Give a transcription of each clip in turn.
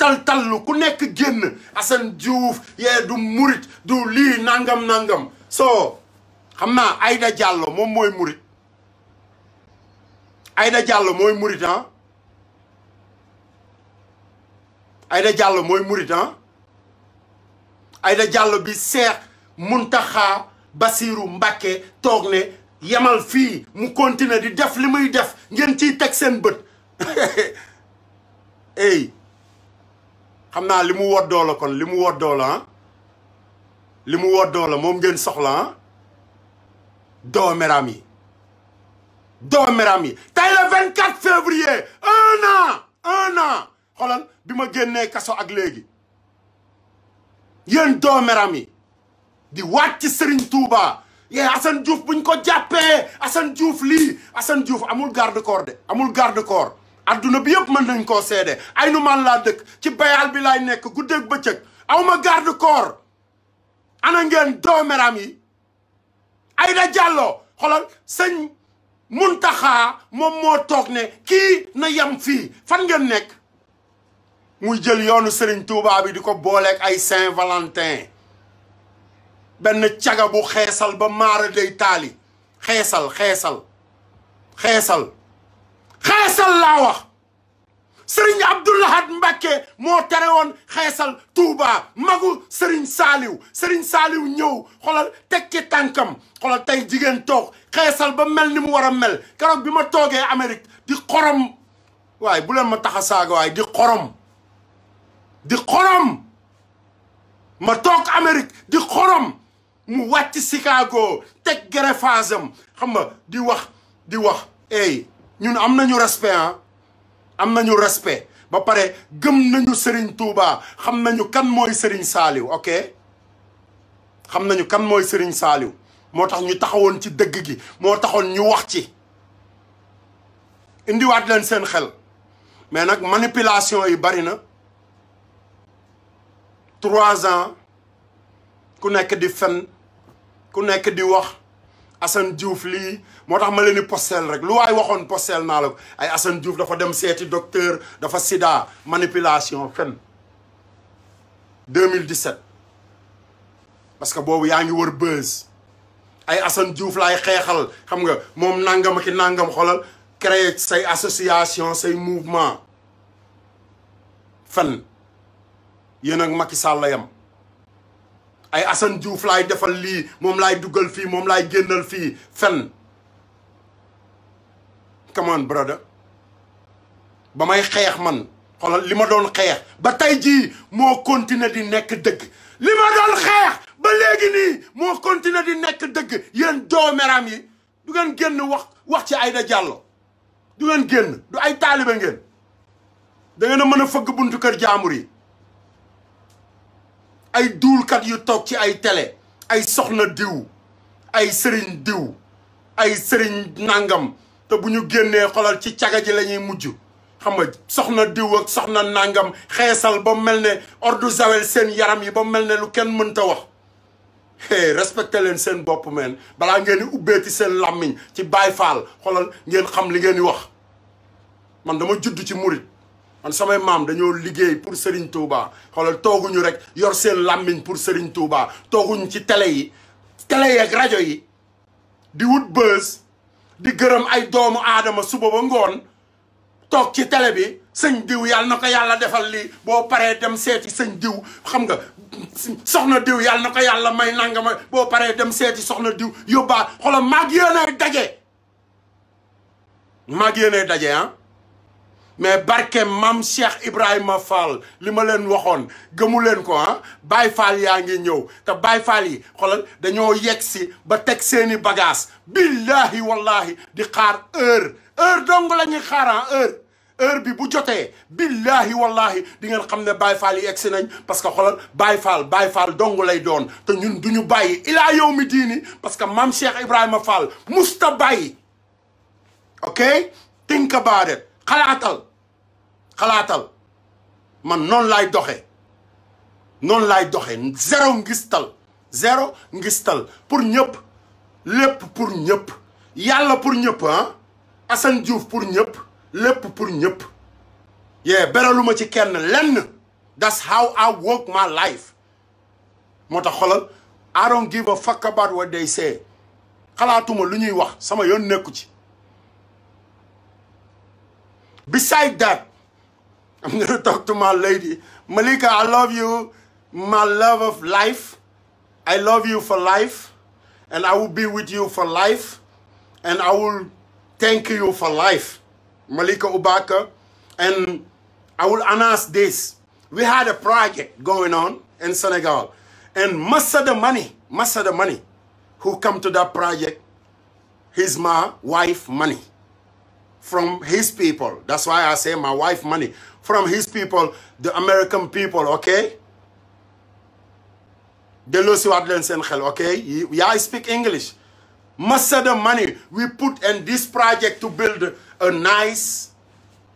tal-tallu ku nekk génn Assane Diouf yee du murit du lii nangam nangam soo xam naa Aïda Diallo moom mooy murit Aïda Diallo mooy murit ah Aïda Diallo mooy murit ah Aïda Diallo bi Seex Muntaxa Basiiru mbakke toog ne yemal fii mu continuer di def li muy def ngeen ci teg seen bët ey xam naa li mu woddoo la kon li mu woddoo la li mu woddoo la moom ngeen soxla ah doomeraam yi doomeraam yi tey le 24 février un an bi ma génnee kaso ak léegi yéen doomeraam yi di wàcc Serigne Touba yee Assane Diouf buñ ko jàppee Assane Diouf lii Assane Diouf amul garde corps de amul garde corps adduna bi yëpp mën nañ koo seede ay nu man laa dëkk ci bayal bi laay nekk guddeeg bëccëg awma garde corps ana ngeen dooméram yi Aida jàlloo xolal sëñ Muntaxa moom moo toog ne kii na yem fii fan ngeen nekk muy jël yoonu Serigne Touba bi di ko booleek ay Saint-Valentin benn caga bu xeesal ba maara day taali xeesal xeesal xeesal xeesal laa wax sëriñ Abdoulahad Mbacke moo tere woon xeesal Touba magu sëriñ Saaliw sëriñ Saaliw ñëw xoolal teg ci tànkam xoolal tey jigéen toog xeesal ba mel ni mu war a mel keroog bi ma toogee Amérique di xorom waaye bu leen ma tax a saaga waaye xorom di ma toog Amérique di mu wàcc Chicago teg greffage am xam nga di wax di wax ey ñun am nañu respect ah am nañu respect ba pare gëm nañu Serigne Touba xam nañu kan mooy Serigne Saliou ok xam nañu kan mooy Serigne Saliou moo tax ñu taxawoon ci dëgg gi moo taxoon ñu wax ci indiwaat leen seen xel mais nag manipulation yi bari na trois ans ku nekk di fen ku nekk di wax Assane Diouf lii moo tax ma leen postel rek lu waay waxoon postel naa la ko ay Assane Diouf dafa dem seeti docteur dafa sida manipulation fen 2017 parce que boobu yaa ngi wër buzz ay Assane Diouf laay xeexal xam nga moom nangam ak nàngam xolal créer say association say mouvement fen yéen ak Macky Sall yam ay Assane Diouf laay defal lii moom laay duggal fii moom laay génnal fii fen come on brother ba may xeex man xoolal li ma doon xeex ba tey jii moo continuer di nekk dëgg li ma doon xeex ba léegi nii moo continuer di nekk dëgg yéen doomeram yi du ngeen génn wax wax ci ay Aida Diallo du ngeen génn du ay taalibe ngeen da ngeen a mën a fëgg buntu kër jaamur yi ay duulkat yu toog ci ay tele ay soxna diw ay sëriñ diw ay sëriñ nangam te bu ñu génnee xolal ci caga ji lañuy mujj xam nga soxna diw ak soxna nangam xeesal ba mel ne ordu zawel seen yaram yi ba mel ne lu kenn mënta wax hey respecté leen seen bopp meen balaa ngeen di ubbeeti seen làmmiñ ci baay faal xolal ngeen xam li ngeen di wax man dama judd ci murit man samay maam dañoo liggéey pour Serigne Touba xoolal tooguñu rek yor seen làmmiñ pour sëriñ Touba tooguñu ci tele yi télé yi ak rajo yi di wut bës di gërëm ay doomu aadama suba ba ngoon toog ci tele bi sëñ diw yàlla na ko yàlla defal lii boo paree dem seeti sëñ diw xam nga soxna diw yàlla na ko yàlla may nangama boo paree dem seeti soxna diw yóbbaa xoolal maag yéenay daje maag yéenay daje ah mais barke maam Cheikh Ibrahima Fall li ma leen waxoon gëmu leen ko ah Baye Fall yaa ngi ñëw te Baye Fall yi xoolal dañoo yegg si ba teg seeni bagage billahi wallahi di xaar heure heure dong la ñuy xaaraan ah, heure bi bu jotee billahi wallahi di ngeen xam ne Baye Fall yi egg si nañ parce que xoolal Baye Fall Baye Fall dong lay doon te ñun duñu bàyyi ilaa yow mi diini parce que maam Cheikh Ibrahima Fall musta bàyyi ok think about xalaatal xalaatal man noonu laay doxe noonu laay doxe zéro ngistal zéro ngistal pour ñëpp lépp pour ñëpp yàlla pour ñëpp ah Assane Diouf pour ñëpp lépp pour ñëpp yee beraluma ci kenn lenn that's how I work my life moo tax xolal I don't give a fuck about what they say xalaatuma lu ñuy wax sama yoon nekku ci beside that I'm going to talk to my lady. Malika, I love you. My love of life. I love you for life. And I will be with you for life. And I will thank you for life. Malika Ubaka. And I will announce this. We had a project going on in Senegal. And Massa the money, Massa the money, who come to that project, his my wife money. from his people. That's why I say my wife money. From his people, the American people, okay? Delo si wat len sen xel, okay? Yeah, I speak English. Massa the money we put in this project to build a nice,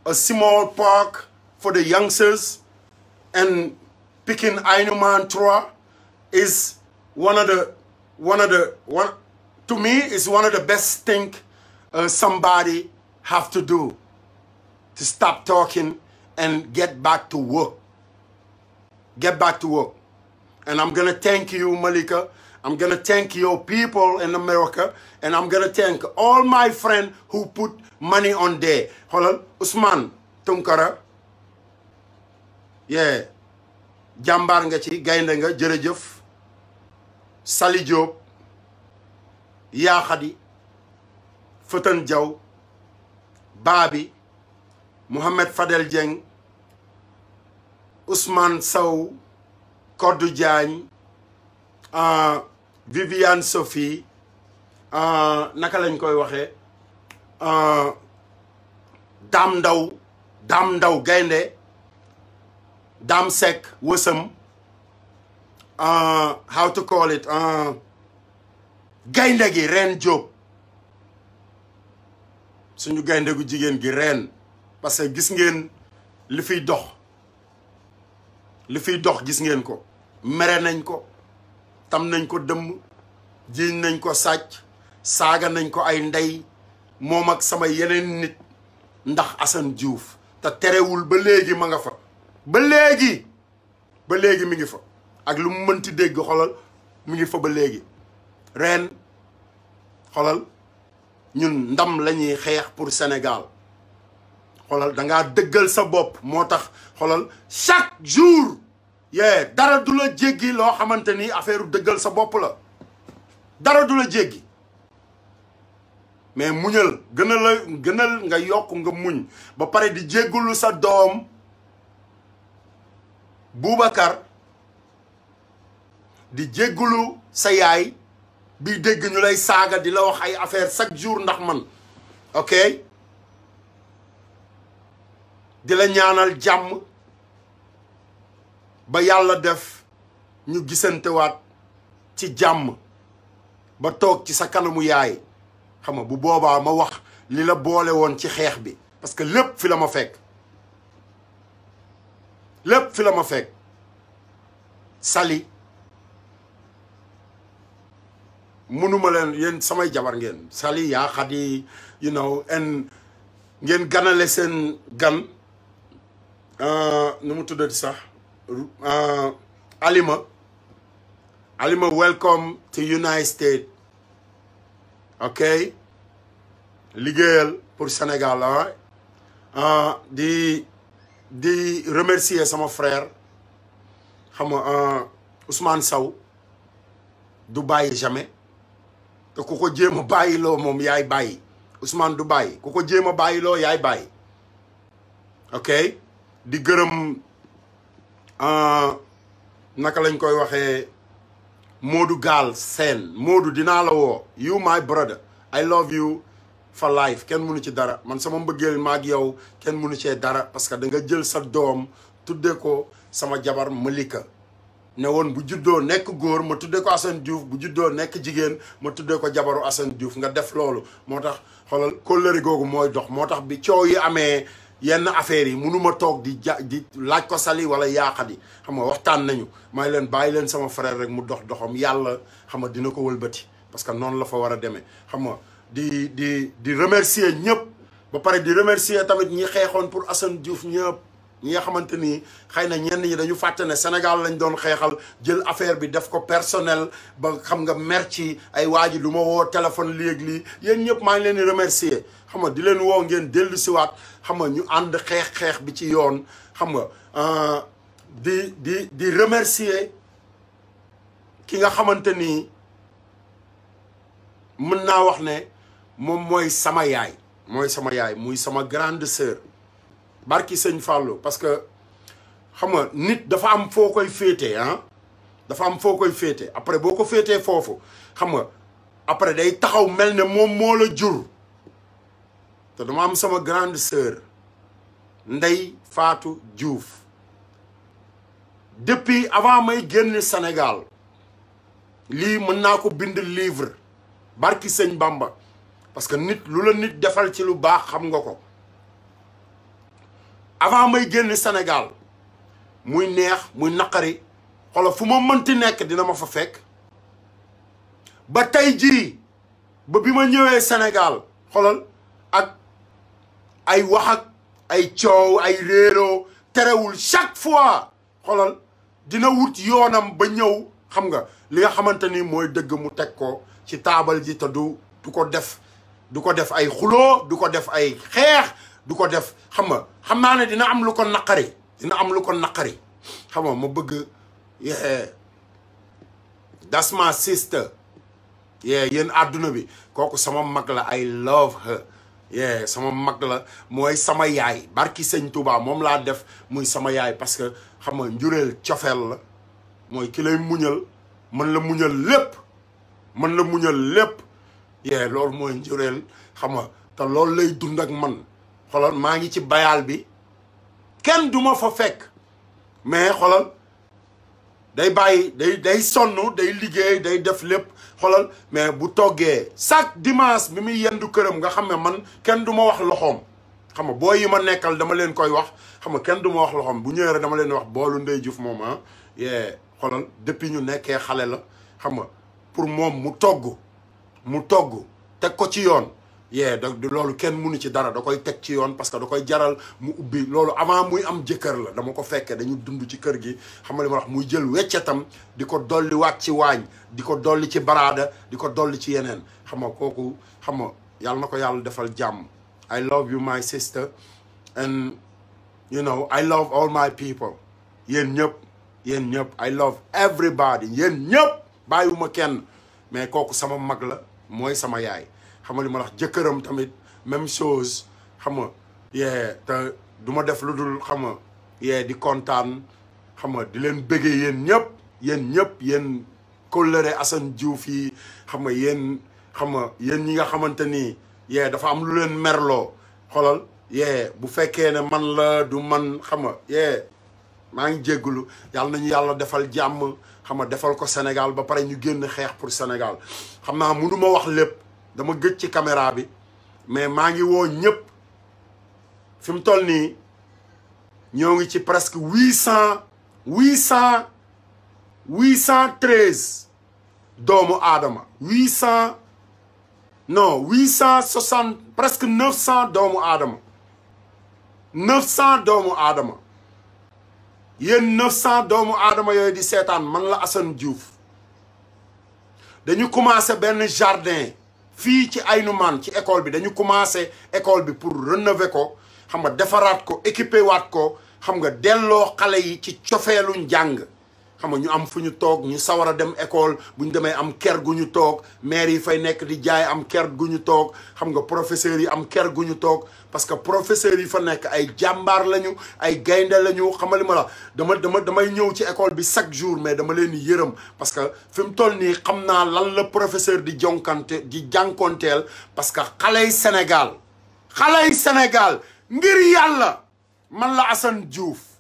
a small park for the youngsters and picking Ainuman Troa is one of the, best thing uh, somebody have to do to stop talking and get back to work. Get back to work. And I'm going to thank you, Malika. I'm going to thank your people in America. And I'm going to thank all my friends who put money on there. Hold Usman Tunkara. Yeah. jàmbaar nga ci gaynde nga jërëjëf Sali Diop Yaaxadi Fëtan Jaw Baabi Mouhamed Fadel Dieng Ousmane Sow Kodou Diagne ah, Viviane Sophie ah, naka lañ koy waxe ah, Dame Ndaw Dame Ndaw Gaynde Dame Seck Wësëm how to call it gaynde gi Ren Diop suñu gaynde gu jigéen gi reen parce que gis ngeen li fiy dox li fiy dox gis ngeen ko mere nañ ko tam nañ ko dëmm jiiñ nañ ko sàcc saaga nañ ko ay ndey moom ak sama yeneen nit ndax Assane Diouf te terewul ba léegi ma nga fa ba léegi ba léegi mi ngi fa ak lu mu mënti dégg xolal mi ngi fa ba léegi reen xolal ñun ndam lañuy xeex pour Sénégal xoolal da ngaa dëggal sa bopp moo tax xolal chaque jour yee dara du la jéggi loo xamante ni affaire dëggal sa bopp la dara du la jéggi mais muñal gën a gënal nga yokk nga muñ ba pare di jéggulu sa doom Boubacar di jéggulu sa yaay bi dégg ñu lay saaga di la wax ay affaire chaque jour ndax man ok di la ñaanal jàmm ba yàlla def ñu gisantewaat ci jàmm ba toog ci sa kanamu yaay xam nga bu boobaa ma wax li la boole woon ci xeex bi parce que lépp fi la ma fekk lépp fi la ma fekk Sali mënuma leen yéen samay jabar ngeen sali yaa xadi you know and ngeen ganale seen gan euh, nu mu tuddati sax euh, alima alima welcome to United States ok liggéeyal pour Sénégal ah di di remercier sama frère xam nga Ousmane Sow du bàyyi jamais te ku ko jéem ma bàyyiloo moom yaay bàyyi Ousmane du bàyyi ku ko jéem a bàyyiloo yaay bàyyi ok di gërëm euh, naka lañ koy waxee moodu Gaal Seen moodu dinaa la woo you my brother I love you for life kenn mënu ci dara man sama mbëggeel maak yow kenn mënu cee dara parce que da nga jël sa doom tuddee ko sama jabar Malika ne woon bu juddoo nekk góor ma tuddee ko Assane Diouf bu juddoo nekk jigéen ma tuddee ko jabaru Assane Diouf nga def loolu moo tax xoolal kóllëre googu mooy dox moo tax bi coow yi amee yenn affaires yi munuma toog di ja di laaj ko sali wala yaaxadi xam nga waxtaan nañu may leen bàyyi leen sama frère rek mu dox doxam yàlla xam nga dina ko wëlbati parce que noonu la fa war a demee xam nga di di di remercier ñëpp ba pare di remercier tamit ñi xeexoon pour Assane Diouf ñëpp ñi nga xamante ni xëy na ñenn ñi dañu fàtte ne Sénégal lañ doon xeexal jël affaire bi def ko personnel ba xam nga mer ay waa lu ma woo téléphone léegi lii yéen ñëpp maa ngi leen di remercier xam nga di leen woo ngeen dellu siwaat xam nga ñu ànd xeex-xeex bi ci yoon xam nga euh, di di di remercier ki nga xamante ni mën naa wax ne moom mooy sama yaay mooy sama yaay muy sama grande sœur barki sëñ Fallou parce que xam nga nit dafa am foo koy féete ah dafa am foo koy féete après boo ko féetee foofu xam nga après day taxaw mel ne moom moo la jur te dama am sama grande sœur Ndey Faatu Diouf depuis avant may génn senegal lii mën naa ko bind livre barki sëñ Bamba parce que nit lu la nit defal ci lu baax xam nga ko avant may génn Sénégal muy neex muy naqari xolo fu ma mënti nekk dina ma fa fekk ba tey jii ba bi ma ñëwee Sénégal xolal ak ay wax ay coow ay réeroo terewul chaque fois xolal dina wut yoonam ba ñëw xam nga li nga xamante ni mooy dëgg mu teg ko ci taabal ji te du du ko def du ko def ay xuloo du ko def ay xeex du ko def xam nga xam naa ne dina am lu ko naqari dina am lu ko naqari xam nga ma bëgg yeah that's my sister yeah yéen àdduna bi kooku sama mag la I love her yeah sama mag la mooy sama yaay barki sëñ Touba moom laa def muy sama yaay parce que xam nga njureel cofeel la mooy ki lay muñal mën la muñal lépp mën la muñal lépp yeah loolu mooy njureel xam nga te loolu lay dund ak man xolol maa ngi ci bayaal bi kenn du ma fa fekk mais xolol day bàyyi day day sonn day liggéey day def lépp xolol mais bu toggee chaque dimanche bi muy yendu këram nga xam ne man kenn du ma wax loxoom xam nga boo yi ma nekkal dama leen koy wax xam nga kenn du ma wax loxoom bu ñëwee rek dama leen wax boolu ndey juf moom ah yee xolol depuis ñu nekkee xale la xam nga pour moom mu togg mu togg teg ko ci yoon yee da loolu kenn mënu ci dara da koy teg ci yoon parce que da koy jaral mu ubbi loolu avant muy am jëkkër la dama ko fekkee dañu dund ci kër gi xam nga li ma wax muy jël weccatam di ko dolliwaat ci waañ di ko dolli ci baraada di ko dolli ci yeneen xama kooku xam nga yàlla na ko yàlla defal jàmm I love you my sister and you know I love all my people yéen ñëpp yéen ñëpp I love everybody yéen ñëpp bàyyiwuma kenn mais kooku sama mag la mooy sama yaay xam nga li ma wax jëkkëram tamit même chose xam nga yee te du def lu dul xam nga yee di kontaan xam nga di leen bëggee yéen ñëpp yéen ñëpp yéen kóllëre Assane Diouf yi xam nga yéen xam nga yéen ñi nga xamante ni yee dafa am lu leen merloo xolal yee bu fekkee ne man la du man xam yee maa ngi jéggulu yàlla nañu yàlla defal jàmm xama defal ko Sénégal ba pare ñu génn xeex pour Sénégal xam naa mënu ma wax lépp dama gëj ci caméra bi mais maa ngi woo ñëpp fi mu toll nii ñoo ngi ci presque huit cent huit cent huit cent treize doomu aadama huit cent non huit cent soixante presque neuf doomu aadama neuf cent doomu aadama yéen neuf cent doomu aadama yooyu di seetaan man la Assane Diouf dañu commencé benn jardin fii ci ay Aynoumane ci école bi dañu commencé école bi pour rénover ko xam nga defaraat ko équipé waat ko xam nga delloo xale yi ci cofeelu njàng xam ñu am fu ñu toog ñu sawar a dem école bu demee am ker gu ñu toog maire yi fay nekk di jaay am ker gu ñu toog xam nga professeurs yi am ker gu ñu toog parce que professeurs yi fa nekk ay jàmbaar lañu ay gaynde lañu xamali ma la dama dama damay ñëw ci école bi chaque jour mais dama leen yërëm parce que fi mu toll nii xam naa lan la professeur di jonkante di jànkonteel parce que xaley Sénégal xaley Sénégal ngir yàlla man la Assane Diouf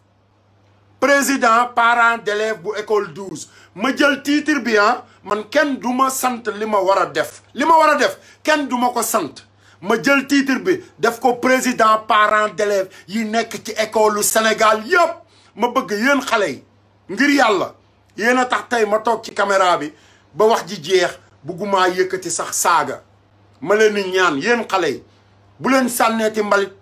président parent d'élève bu école dous ma jël titre bi ah, man kenn du ma sant li ma war a def li ma war a def kenn du ma ko sant ma jël titre bi def ko président parent d'élève yi nekk ci école Sénégal yëpp ma bëgg yéen xale yi ngir yàlla yéen a tax tey ma toog ci caméra bi ba wax ji jeex buggumaa yëkkati sax saaga ma leen di ñaan yéen xale yi bu leen sànneeti mbalit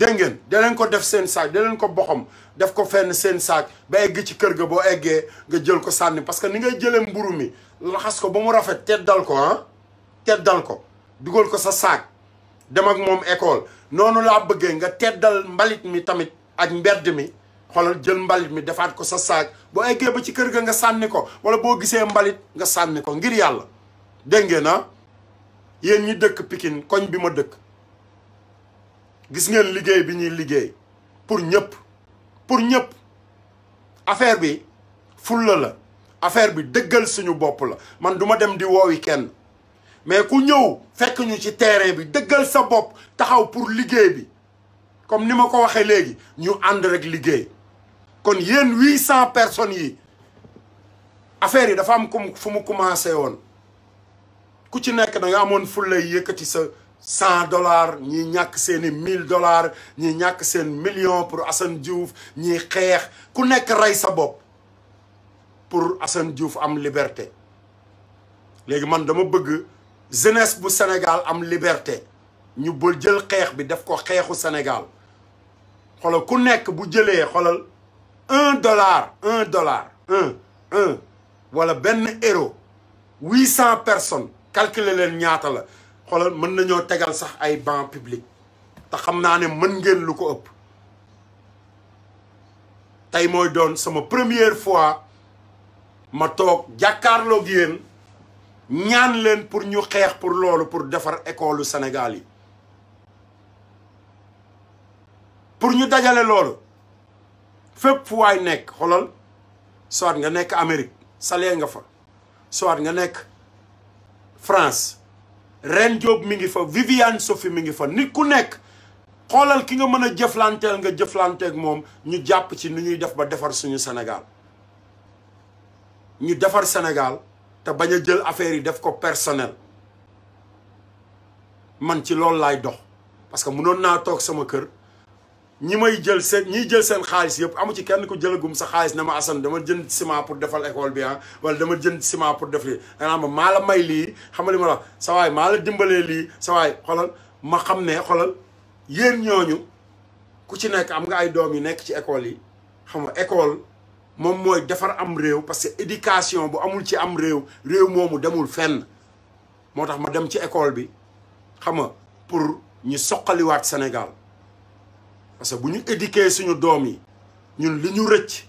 dégg ngeen daleen ko def seen saak daleen ko boxam def ko fenn seen saak ba egg ci kër ga boo eggee nga jël ko sànni parce que ni ngay jëlee mburu mi laxas ko ba mu rafet teddal ko ah teddal ko dugal ko sa saak dem ak moom école noonu laa bëggee nga teddal mbalit mi tamit ak mbedd mi xoolal jël mbalit mi defaat ko sa saak boo eggee ba ci kër ga nga sànni ko wala boo gisee mbalit nga sànni ko ngir yàlla dégg ngeen ah yéen ñi dëkk pikin koñ bi ma dëkk gis ngeen liggéey bi ñuy liggéey pour ñëpp pour ñëpp affaire bi fulla la affaire bi dëggal suñu bopp la man duma dem di woowi kenn mais ku ñëw fekk ñu ci terrain bi dëggal sa bopp taxaw pour liggéey bi comme ni ma ko waxee léegi ñu ànd rek liggéey kon yéen huit cent personnes yi affaire yi dafa am kum fu mu commencé woon ku ci nekk da nga amoon fulla yëkkati sa cent dollars ñi ñàkk seeni mille dollars ñi ñàkk seen million pour Assane Diouf ñi xeex ku nekk rey sa bopp pour Assane Diouf am liberté léegi man dama bëgg jeunesse bu Sénégal am liberté ñu ba jël xeex bi def ko xeexu Sénégal xoolal ku nekk bu jëlee xoolal un dollar un dollar un un wala benn euro huit cent personnes calculer leen ñaata la xoolal mën nañoo tegal sax ay banc public te xam naa ne mën ngeen lu ko ëpp tey mooy doon sama première fois ma toog jàkkaarloog yéen ñaan leen pour ñu xeex pour loolu pour defar école Sénégal yi pour ñu dajale loolu fépp fu waay nekk xoolal soit nga nekk Amérique salee nga fa soit nga nekk France Ren Diop mi ngi fa Viviane Sophie mi ngi fa nit ku nekk xoolal ki nga mën a jëflanteel nga jëflanteeg moom ñu jàpp ci nu ñuy def ba defar suñu senegal ñu defar Sénégal te bañ a jël affaire yi def ko personnel man ci loolu laay dox parce que mënoon naa toog sama kër ñi may jël seen ñiy jël seen xaalis yëpp amu ci kenn ko jëlagum sa xaalis ne ma Assane dama jën ciment pour defal école bi ah wala dama jën ciment pour def lii danaa ma maa la may lii xam nga li ma la sa la dimbalee lii sa waay xolal ma xam ne xolal yéen ñooñu ku ci nekk am nga ay doom yu nekk ci école yi xam nga école moom mooy defar am réew parce que éducation bu amul ci am réew réew moomu demul fenn moo tax ma dem ci école bi xam nga pour ñu soqaliwaat Sénégal parce que bu ñu éduquer suñu doom yi ñun li ñu rëcc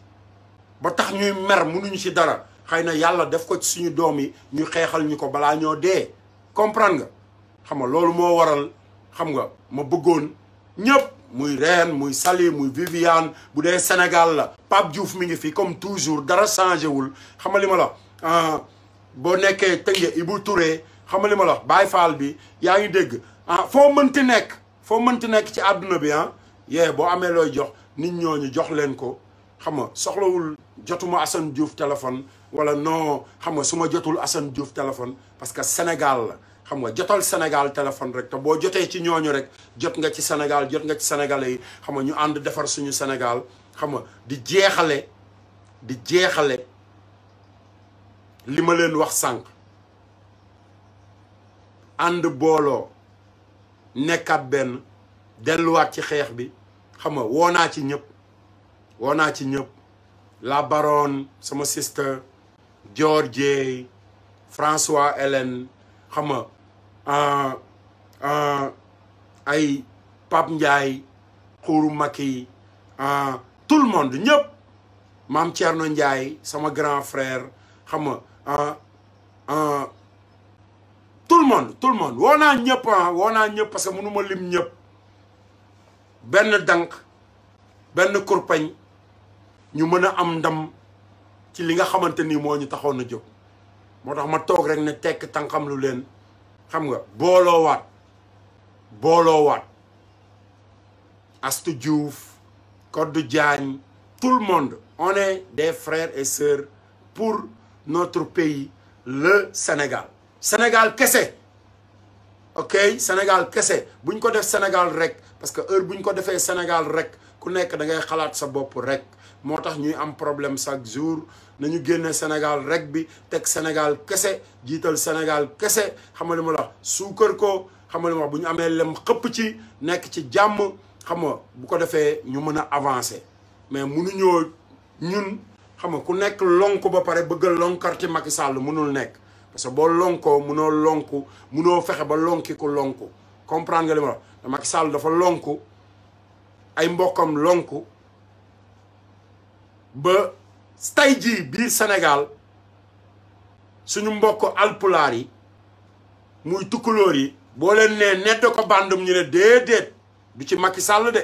ba tax ñuy mer mënuñu ci dara xëy na yàlla def ko ci suñu doom yi ñu xeexal ñu ko balaa ñoo dee comprendre nga xam nga loolu moo waral xam nga ma bëggoon ñëpp muy Reine muy Sali muy Viviane bu dee Sénégal la Pape Diouf mi ngi fi comme toujours dara changé wul xam li ma la ah, boo nekkee tënge Ibou Touré xama li ma la Baye bi yaa ngi dégg ah, foo mënti nekk foo mënti nekk ci àdduna bi ah yee boo amee looy jox nit ñooñu jox leen ko xam nga soxlawul jotuma Assane Diouf téléphone wala noo xam suma jotul Assane juuf téléphone parce que Sénégal la xam nga jotal Sénégal téléphone rek te boo jotee ci ñooñu rek jot nga ci Sénégal jot nga ci sénégalais yi xam nga ñu ànd defar suñu Sénégal xam nga di jeexale di jeexale li ma leen wax sànq ànd booloo nekkaat benn delluwaat ci xeex bi xam nga woo naa ci ñëpp woo naa ci ñëpp la baronne sama sister Georgie François Hélène xam nga ah, ah, ay Pape Ndiaye xuuru Maki ah, tout le monde ñëpp maam Thierno Ndiaye sama grand frère xam nga tout le monde tout le monde woo naa ñëpp ah woo naa ñëpp parce que mënu ma lim ñëpp benn dànk benn kurpañ ñu mën a am ndam ci li nga xamante ni moo ñu taxoon na jóg moo tax ma toog rek ne tekk tànkam leen xam nga booloowaat booloowaat Astou Diouf Codou Diagne tout le monde on est des frères et sœurs pour notre pays le Sénégal Sénégal kese ok Sénégal kese buñ ko def Sénégal rek parce que heure bu ñu ko defee Sénégal rek ku nekk da ngay xalaat sa bopp rek moo tax ñuy am problème chaque jour nañu génne Sénégal rek bi teg Sénégal kese jiital Sénégal kese xam nga lu ma la suukar ko xam nga lu ma bu ñu amee lem xëpp ci nekk ci jàmm xam nga bu ko defee ñu mën a avancer mais mu mënuñoo ñun xam nga ku nekk lonku ba pare bëgg a ci Macky sàll mënul nekk parce que boo lonkoo mënoo lonku mënoo fexe ba lonki ku lonku comprendre nga li ma Macky Sall dafa lonku ay mbokkam lonk ba tay jii biir Sénégal suñu mbokk alpulaar yi muy tukkulóor yi boo leen nee nedd ko bandum ñu ne déedéet du ci makki Sall de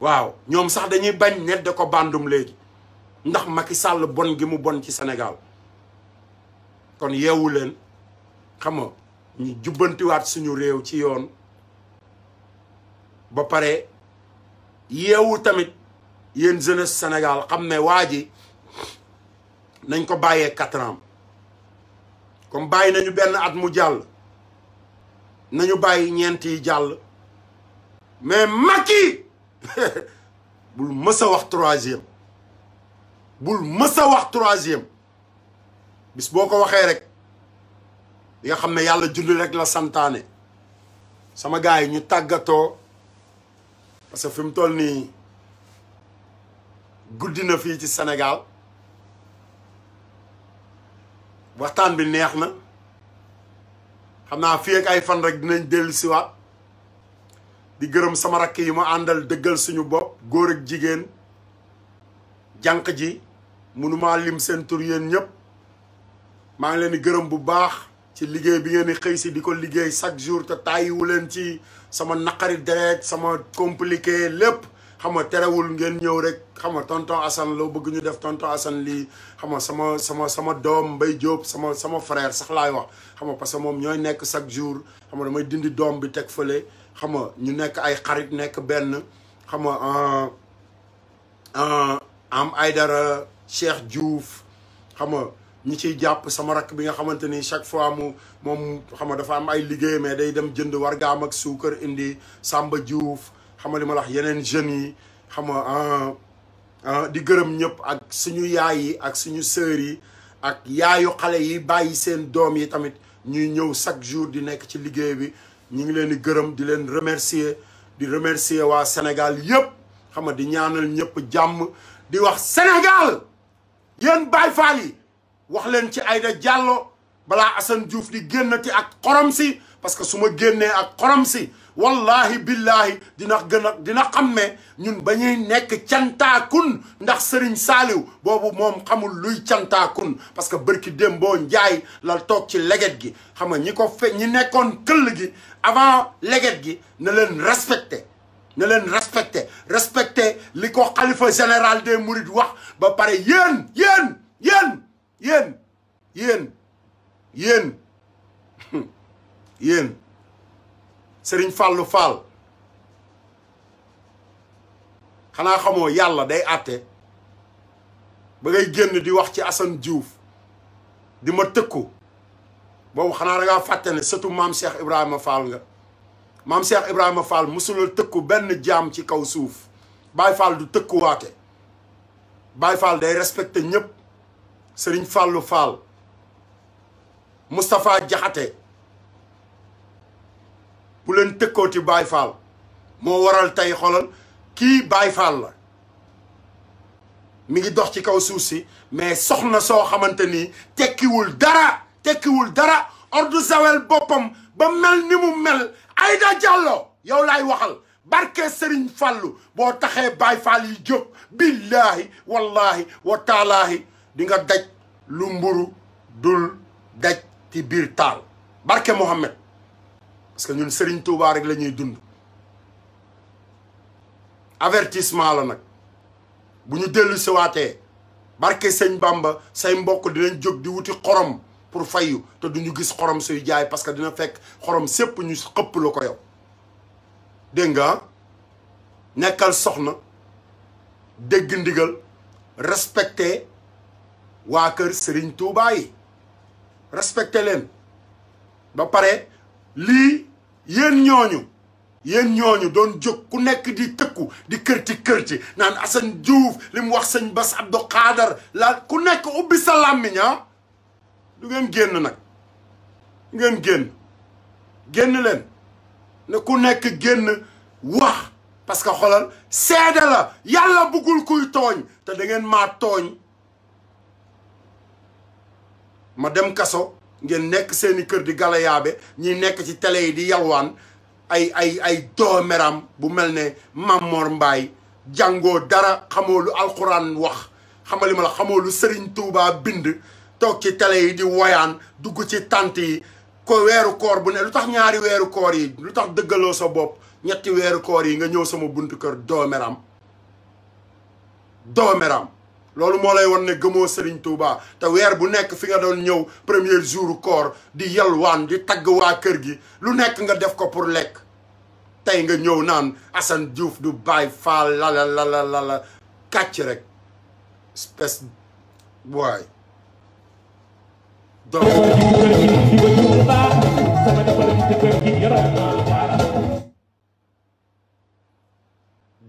waaw ñoom sax dañuy bañ nedd ko bàndum léegi ndax makki sàll bon gi mu bon ci Sénégal kon yeewu leen xam nga ñu jubbantiwaat suñu réew ci yoon ba pare yeewu tamit yéen jeunesse Sénégal xam ne waa ji nañ ko bàyyee quatre ans comme bàyyi nañu benn at mu jàll nañu bàyyi ñeent yi jàll mais Macky bul mës a wax troisième bul mësa a wax troisième bis boo ko waxee rek di xam ne yàlla julli rek la santaane sama gars yi ñu tàggatoo parce que fi toll nii guddi na fii ci Sénégal waxtaan bi neex na xam naa fii ay fan rek dinañ dellu siwaat di gërëm sama rakk yi ma àndal dëggal suñu bopp góor ak jigéen janq ji mënuma lim seen tur yéen ñëpp maa ngi leen gërëm bu baax ci liggéey bi ngeen di xëy si di ko liggéey chaque jour te tàyyiwu leen ci sama naqarit deret sama compliqué lépp xam nga terewul ngeen ñëw rek xam nga tonton Assane loo bëgg ñu def tonton Assane lii xam nga sama sama sama doom Mbaye Diop sama sama frère sax laay wax xam nga parce que moom ñooy nekk chaque jour xam damay dindi doom bi teg fële xam nga ñu nekk ay xarit nekk benn xam nga euh, euh, am Aydara Cheikh Diouf xam nga ñi ciy jàpp sama rakk bi nga xamante ni chaque fois mu moom xam nga dafa am ay liggéey mais day dem jënd wargaam ak suukar indi Samba Diouf xam nga li ma la wax yeneen jeunes yi xam nga ah, ah di gërëm ñëpp ak suñu yaay yi ak suñu sœurs yi ak yaayu xale yi bàyyi seen doom yi tamit ñuy ñëw chaque jour di nekk ci liggéey bi ñu ngi leen di gërëm di leen remercier di remercier waa Sénégal yëpp xam nga di ñaanal ñëpp jàmm di wax Sénégal yéen Baye Fall yi wax leen ci Aïda Diallo balaa Assane li di génnati ak xorom si parce que su ma génnee ak xorom si wallahi billahi dina gën a dina xam ñun ba ñuy nekk cantaakun ndax Serigne Saaliw boobu moom xamul luy cantaakun parce que bërki dém boo njaay la toog ci leget gi xam nga ñi ko fe ñi nekkoon këll gi avant leget gi na leen respecté na leen respecté respecté li ko xalifa général des mourides wax ba pare yéen yéen yéen yéen yéen yéen yéen sëriñ fàllu faal xanaa xamoo yàlla day atte ba ngay génn di wax ci Assane Diouf di ma tëkku boobu xanaa da ngaa fàtte ne sëtu maam Cheikh Ibrahima Fall nga maam Cheikh Ibrahima Fall musulal tëkku benn jaam ci kaw suuf Baye Fall du tëkkuwaate Baye Fall day respect ñépp sëriñ Fallou Fall Moustapha Diakhaté bu leen tëkkooti Baye Fall moo waral tey xolal kii Baye Fall la mi ngi dox ci kaw suuf si mais soxna soo xamante ni tekkiwul dara tekkiwul dara Ordu Zawel boppam ba mel ni mu mel Aïda Diallo yow lay waxal barke sëriñ Fallou boo taxee Baye Fall yi jóg billaahi wallaahi wa taalaahi di nga daj lu mburu dul daj ci biir taal barke Mohammed parce que ñun Serigne Touba rek la dund avertissement la nag bu ñu dellu siwaatee barke sëñ Bamba say mbokk dinañ jóg di wuti xorom pour fayu te duñu gis xorom suy jaay parce que dina fekk xorom sépp ñu xëpp la ko yow dégg nga nekkal soxna dégg ndigal respecté waa kër Serigne Touba yi respecté leen ba pare lii yéen ñooñu yéen ñooñu doon jóg ku nekk di tëkku di kërti kërti naan Assane Diouf li mu wax sëñ Bass Abdou Khadar la ku nekk ubbi sa làmmiñ ah. du ngeen génn nag du ngeen génn génn leen ne ku nekk génn wax parce que xoolal seede la yàlla bëggul kuy tooñ te da ngeen maa tooñ ma dem kaso ngeen nekk seeni kër di galayaabe ñi nekk ci tele yi di yalwaan ay ay ay doomeram bu mel ne Mamor Mbaay jàngoo dara xamoo lu alxuraan wax xamali ma la xamoo lu Sëriñ tuuba bind toog ci tele yi di woyaan dugg ci tànt yi ko weeru koor bu ne lu tax ñaari weeru koor yi lu tax dëggaloo sa bopp ñetti weeru koor yi nga ñëw sama buntu kër doomeram doomeram loolu moo lay won ne gëmoo Serigne tuuba te weer bu nekk fi nga doon ñëw premier jour koor di yalwaan di tagg waa kër gi lu nekk nga def ko pour lekk tey nga ñëw naan Assane Diouf du baay Fall lala lala lala kàcc rek espèce waay donc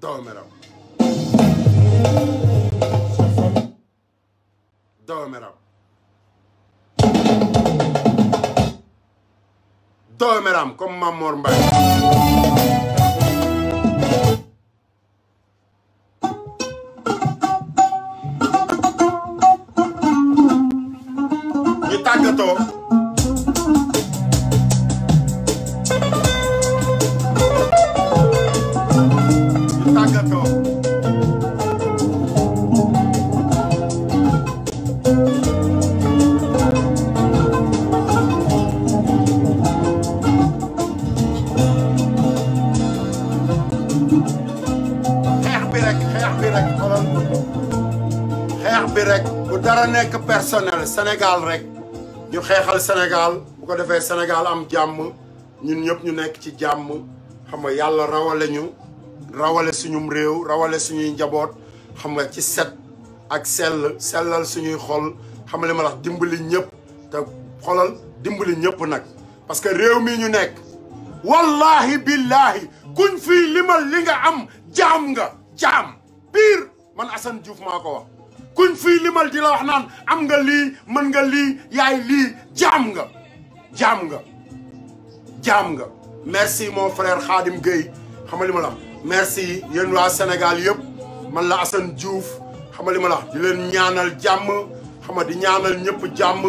doomeram doomeram doomeram comme Mamor Mbaye bi xeex bi rek xeex bi rek bu dara nekk personnel Sénégal rek ñu xeexal Sénégal bu ko defee Sénégal am jàmm ñun ñëpp ñu nekk ci jàmm xam nga yàlla rawale ñu rawale suñum réew rawale suñuy njaboot xam nga ci set ak sell sellal suñuy xol xam nga li ma dimbali ñëpp te xolal dimbali ñëpp nag parce réew mi ñu nekk wallahi billahi kuñ fii limal li nga am jaam nga jaam pire man Assane Diouf maa ko wax kuñ fii limal di la wax naan am nga lii mën nga lii yaay lii jaam nga jaam nga jaam nga merci mon frère Khadim Gueye xam nga li ma la merci yéen waa Sénégal yëpp man la Assane Diouf xam nga li ma la di leen ñaanal jàmm xam nga di ñaanal ñëpp jàmm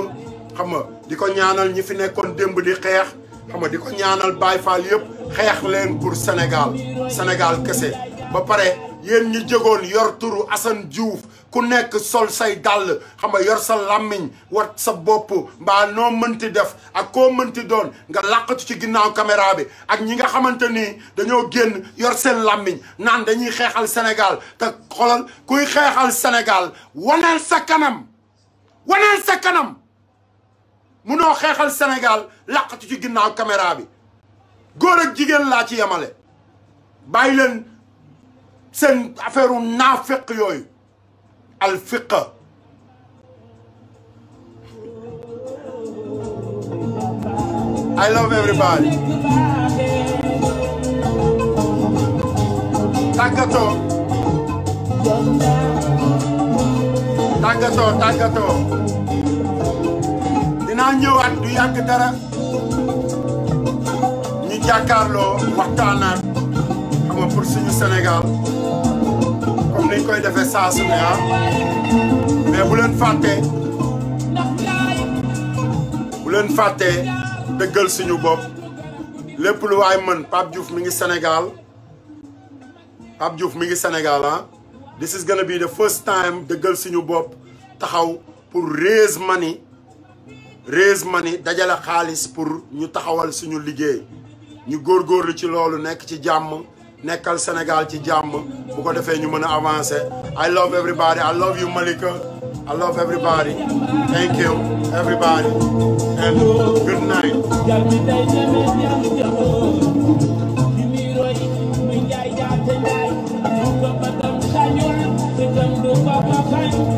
xam nga di ko ñaanal ñi fi nekkoon démb di xeex xam di ko ñaanal Baye Fall yëpp xeex leen pour Sénégal Sénégal kese ba pare yéen ñi jógoon yor turu Assane Diouf ku nekk sol say dàll xam nga yor sa làmmiñ wat sa bopp ba noo mënti def ak koo mënti doon nga làqatu ci ginnaaw caméra bi ak ñi nga xamante ni dañoo génn yor seen làmmiñ naan dañuy xeexal Sénégal te xoolal kuy xeexal Sénégal waneel sa kanam waneel sa kanam mu noo xeexal senegal làqatu ci ginnaaw caméra bi góor jigéen laa ci yemale bàyyi seen affaire u naafiq yooyu alfiqa I love everybody tàggatoo tàggatoo tàggatoo dinaa ñëwaat du yàgg dara ñu jàkkaarloo waxtaanaat xam nga pour suñu Sénégal niñ koy defee saa su ne ah bu leen fàtte bu leen fàtte dëggal suñu bopp lépp lu waay mën Pape Diouf mi ngi Sénégal Pape Diouf mi ngi Sénégal ah this is gonna be the first time dëggal suñu bopp taxaw pour raise money raise money dajale xaalis pour ñu taxawal suñu liggéey ñu góor góorlu ci loolu nekk ci jàmm nekkal senegal ci jàmm bu ko defee ñu mën a avancer I love everybody I love you Malika I love everybody thank you everybody and good night